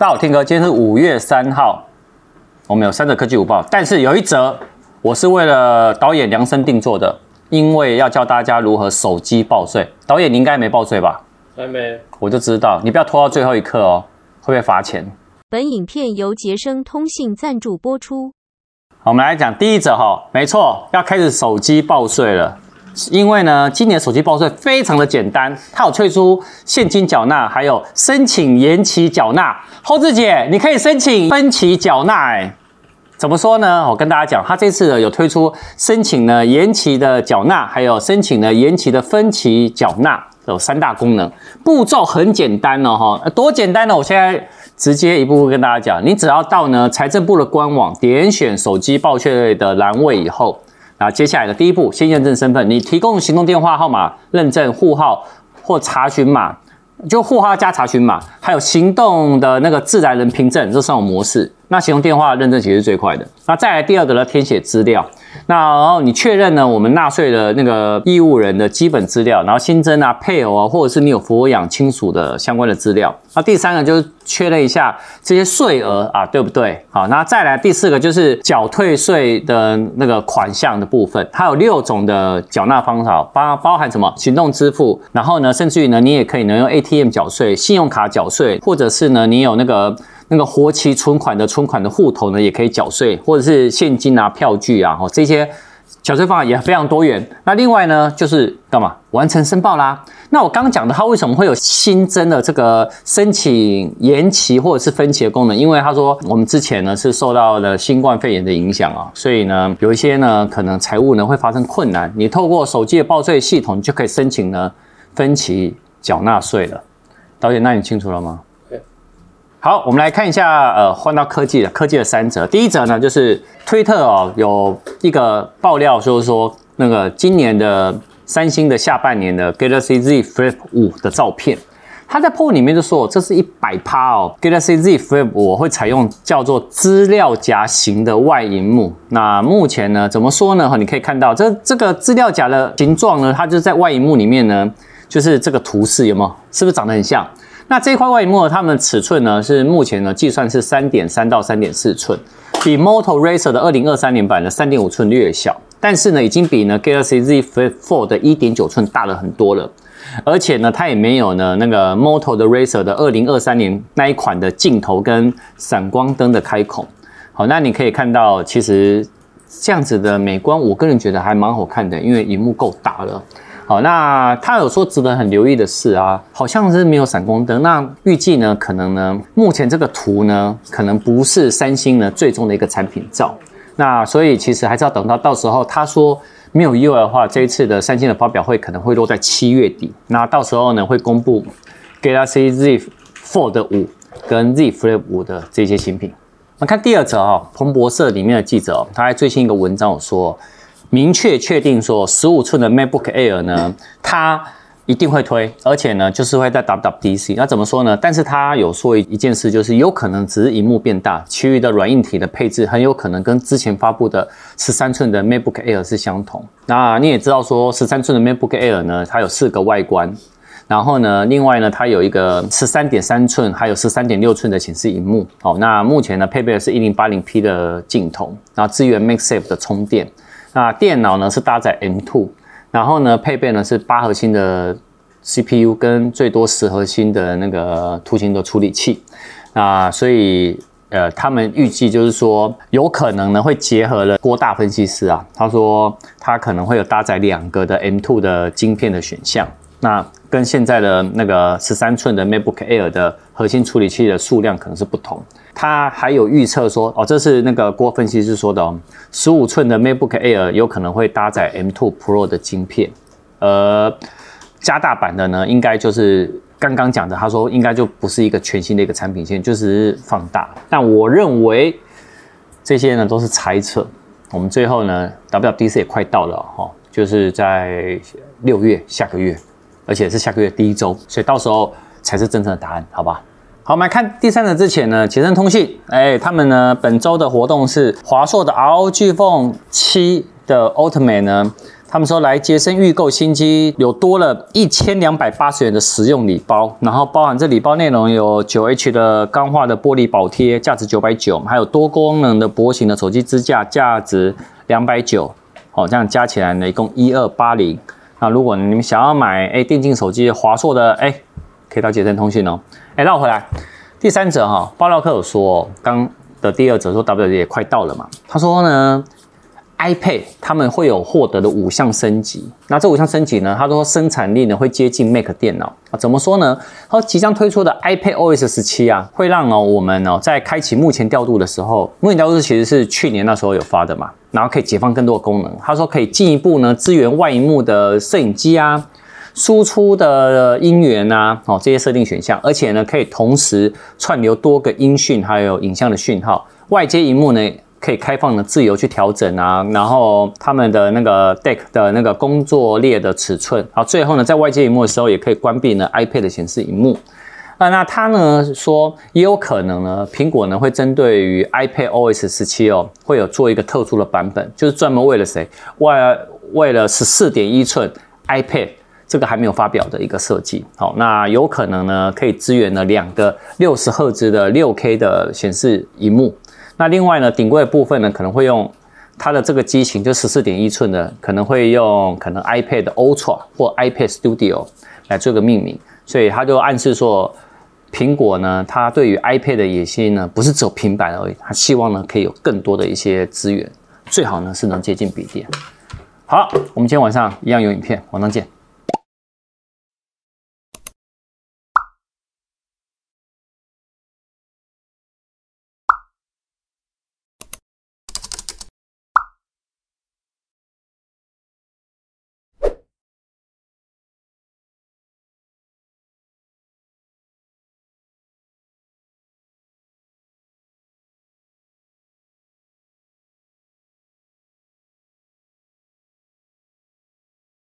大家好，天哥，今天是五月三號，我們有三則科技午報，但是有一則我是為了導演量身定做的，因為要教大家如何手機報稅。導演，你應該沒報稅吧？還沒，我就知道，你不要拖到最後一刻哦，會不會罰錢？本影片由傑生通信贊助播出。我們來講第一則哈、哦，沒錯，要開始手機報稅了。因為呢，今年手機報稅非常的簡單，它有推出現金繳納，還有申請延期繳納。侯志姐，你可以申請分期繳納，欸。誒怎麼說呢？我跟大家講，它這次有推出申請呢延期的繳納，還有申請呢延期的分期繳納，有三大功能，步驟很簡單哦。哈，多簡單呢！我現在直接一步步跟大家講，你只要到呢財政部的官網，點選手機報稅的欄位以後，啊，接下來的第一步先驗證身份，你提供行動電話號碼、認證戶號或查詢碼，就戶號加查詢碼，還有行動的那個自然人憑證，這三種模式。那行動電話認證其實是最快的。那再來第二個呢，填寫資料。那然後你確認呢，我們納稅的那個義務人的基本資料，然後新增啊配偶啊，或者是你有扶養親屬的相關的資料。那第三個就是確認一下這些稅額啊，對不對？好，那再來第四個就是繳退稅的那個款項的部分，它有六種的繳納方法，包包含什麼？行動支付，然後呢，甚至於呢，你也可以能用 ATM 繳稅、信用卡繳稅，或者是呢，你有那個。那個活期存款的存款的戶頭呢，也可以繳稅，或者是現金啊、票據啊，哈，這些繳稅方法也非常多元。那另外呢，就是幹嘛完成申報啦？那我剛剛講的，他為什麼會有新增的這個申請延期或者是分期的功能？因為他說我們之前呢是受到了新冠肺炎的影響啊，所以呢有一些呢可能財務呢會發生困難，你透過手機的報稅系統就可以申請呢分期繳納稅了。導演，那你清楚了嗎？好，我們來看一下，呃，換到科技的。科技的三則，第一則呢，就是推特哦，有一個爆料，就是說那個今年的三星的下半年的 Galaxy Z Flip 五的照片。他在 po 文裡面就說，這是一百趴哦，Galaxy Z Flip 五會採用叫做資料夾型的外螢幕。那目前呢，怎麼說呢？哈，你可以看到這這個資料夾的形狀呢，它就在外螢幕裡面呢，就是這個圖示有沒有？是不是長得很像？那這塊外螢幕，它們尺寸呢是目前呢計算是三點三到三點四寸，比 Moto Razr 的二零二三年版的三點五寸略小，但是呢已經比呢 Galaxy Z Flip4 的一點九寸大了很多了，而且呢它也沒有呢那個 Moto 的 Razr 的二零二三年那一款的鏡頭跟閃光燈的開孔。好，那你可以看到，其實這樣子的美觀，我個人覺得還蠻好看的，因為熒幕夠大了。好，那他有說值得很留意的是啊，好像是沒有閃光燈。那預計呢，可能呢，目前這個圖呢，可能不是三星呢最終的一個產品照。那所以其實還是要等到到時候他說沒有意外的話，這一次的三星的發表會可能會落在七月底。那到時候呢，會公布 Galaxy Z Fold 5跟 Z Flip 5的這些新品。那看第二則啊、哦，彭博社裡面的記者、哦，他在最新一個文章有說。明確確定說，十五寸的 MacBook Air 呢，它一定會推，而且呢，就是會在 WWDC。那怎麼說呢？但是它有說一件事，就是有可能只是熒幕變大，其餘的軟硬體的配置很有可能跟之前發布的十三寸的 MacBook Air 是相同。那你也知道說，十三寸的 MacBook Air 呢，它有四個外觀，然後呢，另外呢，它有一個十三點三寸，還有十三點六寸的顯示熒幕。好，那目前呢，配備的是一零八零 P 的鏡頭，然後支援 MagSafe 的充電。那電腦呢，是搭載 M2，然後呢，配備呢是八核心的 CPU 跟最多十核心的那個圖形的處理器。那所以呃，他們預計就是說有可能呢會結合了郭大分析師啊，他說他可能會有搭載兩個的 M2 的晶片的選項。那跟現在的那個十三寸的 MacBook Air 的核心處理器的數量可能是不同。他還有預測說，哦，這是那個郭分析師說的哦，十五寸的 MacBook Air 有可能會搭載 M2 Pro 的晶片，呃，加大版的呢，應該就是剛剛講的，他說應該就不是一個全新的一個產品線，就是放大。但我認為這些呢都是猜測。我們最後呢，WWDC 也快到了哈、哦，就是在六月下個月。而且是下個月第一週，所以到時候才是真正的答案，好吧？好，我們來看第三者之前呢，傑森通信，哎、欸，他們呢本周的活動是華碩的 ROG Phone 七的 Ultimate 呢，他們說來傑森預購新機有多了一千兩百八十元的實用禮包，然後包含這禮包內容有九 H 的鋼化的玻璃保貼，價值九百九，還有多功能的薄型的手機支架，價值兩百九，哦，這樣加起來呢，一共一二八零。那如果你們想要買哎電競手機華碩的哎、欸，可以到捷成通訊哦。哎、欸，那我回來，第三則哈，爆料客有說剛的第二則說 WWDC 也快到了嘛，他說呢。iPad 他們會有獲得的五項升級，那這五項升級呢？他說生產力呢會接近 Mac 電腦啊？怎麼說呢？它即將推出的 iPadOS 十七啊，會讓呢我們哦在開啟目前調度的時候，目前調度其實是去年那時候有发的嘛，然後可以解放更多的功能。他說可以進一步呢支援外熒幕的攝影機啊，輸出的音源啊，哦這些設定選項，而且呢可以同時串流多個音訊還有影像的訊號，外接螢幕呢。可以開放的自由去調整啊，然後他們的那個 Dock 的那個工作列的尺寸。好，最後呢，在外接螢幕的時候也可以關閉呢 iPad 的顯示螢幕。啊，那他呢說，也有可能呢，蘋果呢會針對於 iPad OS 十七哦，會有做一個特殊的版本，就是專門為了誰？為了為了十四點一寸 iPad 這個還沒有發表的一個設計。好，那有可能呢，可以支援了兩個六十赫茲的六 K 的顯示螢幕。那另外呢，頂規的部分呢，可能會用它的這個機型，就十四點一寸的，可能會用可能 iPad Ultra 或 iPad Studio 來做個命名，所以它就暗示說，蘋果呢，它對於 iPad 的野心呢，不是只有平板而已，它希望呢，可以有更多的一些資源，最好呢是能接近筆電。好，我們今天晚上一樣有影片，晚上見。